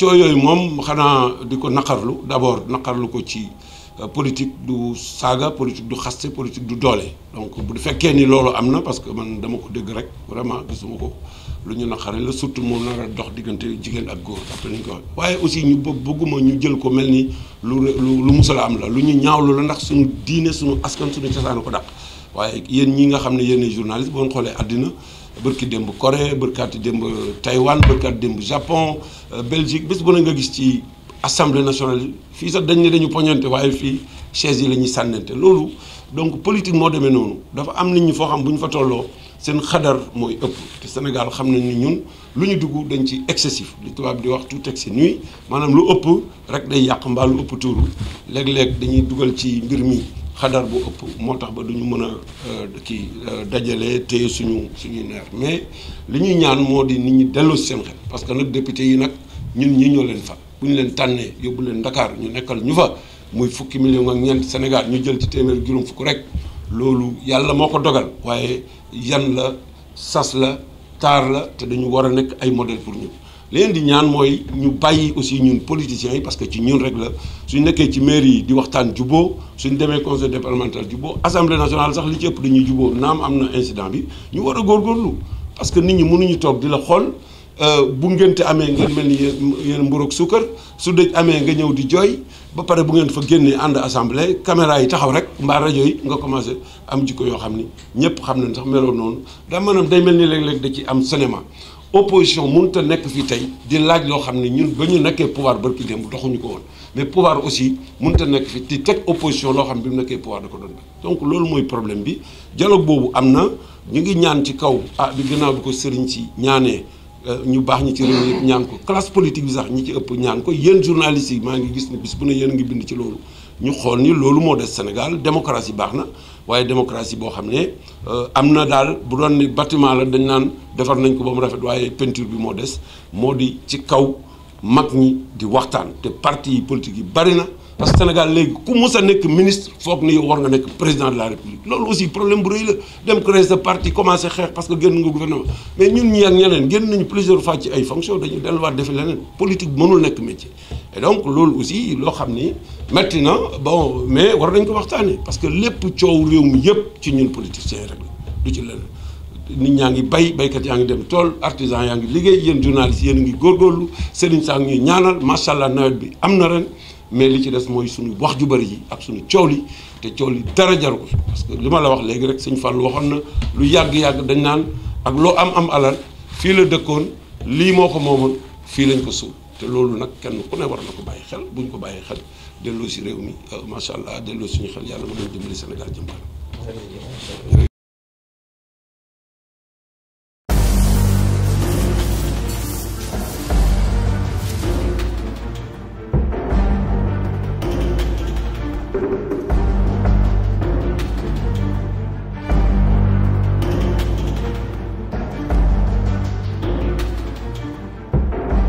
coo yooyu moom xanaa di ko naqarlu dabor naqarlu ko ci Euh, politique du saaga politique du xaste politique du doole donc du fekkee ni loolu am na parce que man dama ko dégg rek vraiment gisuma ko lu ñu naqari la surtout moom nar a dox diggante jigéen ak góor après nañ ko waaye aussi ñu bëgguma ñu jël ko mel ni lu lu musala am la lu ñu ñaawlu la ndax suñu diine suñu askan suñu cosaan ko dàq waaye yéen ñi nga xam ne yéen ay boo xoolee àddina bërki démb Corée bërkaati démb Taïwan bërkaati démb Japon euh, Belgique bés bu ne nga gis ci assemblée nationale fii sax dañ ne dañu poñante waaye fi chaise yi lañuy ñuy loolu donc politique moo demee noonu dafa am nit ñi foo xam bu ñu fa tolloo seen xadar mooy ëpp te Sénégal xam nañ ni ñun lu ñu dugg dañ ci excessif li tubaab di wax tout si nuit maanaam lu ëpp rek day yàq mbaa lu ëpp tuuru léeg-léeg dañuy dugal ci mbir mi xadar bu ëpp moo tax ba duñu mën a euh, kii euh, dajale téye suñu suñuy neer mais li ñuy ñaan moo di nit ñi delloo si xel parce que nag député yi nag ñun ñi ñoo leen fal bu ñu leen tànnee yóbbu leen ndakaar ñu nekkal ñu fa muy fukki million ak ñeent Sénégal ñu jël ci téeméer juróom fukk rek loolu yàlla moo ko dogal waaye yan la sas la taar la te dañu war a nekk ay modèle pour ñu leen di ñaan mooy ñu bàyyi aussi ñun politiciens yi parce que ci ñun rek la suñ nekkee ci mairie yi di waxtaan juboo suñ demee conseil départemental juboo assemblée nationale sax li ci ëpp dañuy juboo naam am na incident bi ñu war a góorgóorlu parce que nit ñi mënuñu toog di la xool Euh, bu ngénte amee ngeen mel ni yéen mburu ak suukar su dëj amee nga ñëw di jooy ba pare bu ngeen fa génnee ànd assemblée caméra yi taxaw rek mbaa rajo yi nga commencé am jikko yoo xam ni ñëpp xam nañ sax meloon noonu daa maanaam day mel ni léeg-léeg da ci am cinéma opposition mënut a nekk fii tey di laaj loo xam ne ñun ba ñu nekkee pouvoir barki démb doxuñu ko woon mais pouvoir aussi mun ta nekk fii di teg opposition loo xam ne bi mu nekkee pouvoir da ko doon donc loolu mooy problème bi dialogue boobu am na ñu ngi ñaan ci kaw ah bi gannaaw bi ko sëriñ si ñaanee ñu baax ñi ci réew yëpp ñaan ko classe politique bi sax ñi ci ëpp ñaan ko yéen journalistes yi maa ngi gis ne bis bu ne yéen ngi bind ci loolu ñu xool ni loolu moo des Sénégal démocratie baax na waaye démocratie boo xam ne euh, am na daal bu doon ni bâtiment la dañ naan defar nañ ko ba mu rafet waaye peinture bi moo des moo di ci kaw mag ñi di waxtaan te parti yi politique yi bari na parce que Sénégal léegi ku mus a nekk ministre foog ni yow war nga nekk président de la république loolu aussi problème bu rëy la dem sa parti commencé xeex parce que génn nga gouvernement mais ñun ñi ak ñeneen génn nañu plusieurs fois ci ay fonctions dañu delluwaat defi leneen politique mënul nekk métier. et donc loolu aussi loo xam ni métti na bon mais war nañ ko waxtaanee parce que lépp coow réew mi yëpp ci ñun politiciens rek la du ci leneen nit ñaa ngi bay baykat yaa ngi dem tool artisan yaa ngi liggéey yéen journalistes yéen a ngi góorgóorlu Serigne Sarr ñuy ñaanal macha allah nawet bi am na ren. mais li ci des mooy suñu wax ju bari yi ak suñu coow li te coow li dara jaru ko parce que li ma la wax léegi rek sëñ Fall waxoon na lu yàgg-yàgg dañ naan ak loo am am alal fii la dëkkoon lii moo ko moomoon fii lañ ko suul te loolu nag kenn ku ne war na ko bàyyi xel bu ñu ko bàyyi xel delloo si réew mi euh, macha allah delloo suñu xel yàlla ma doon dimbali Sénégal jëm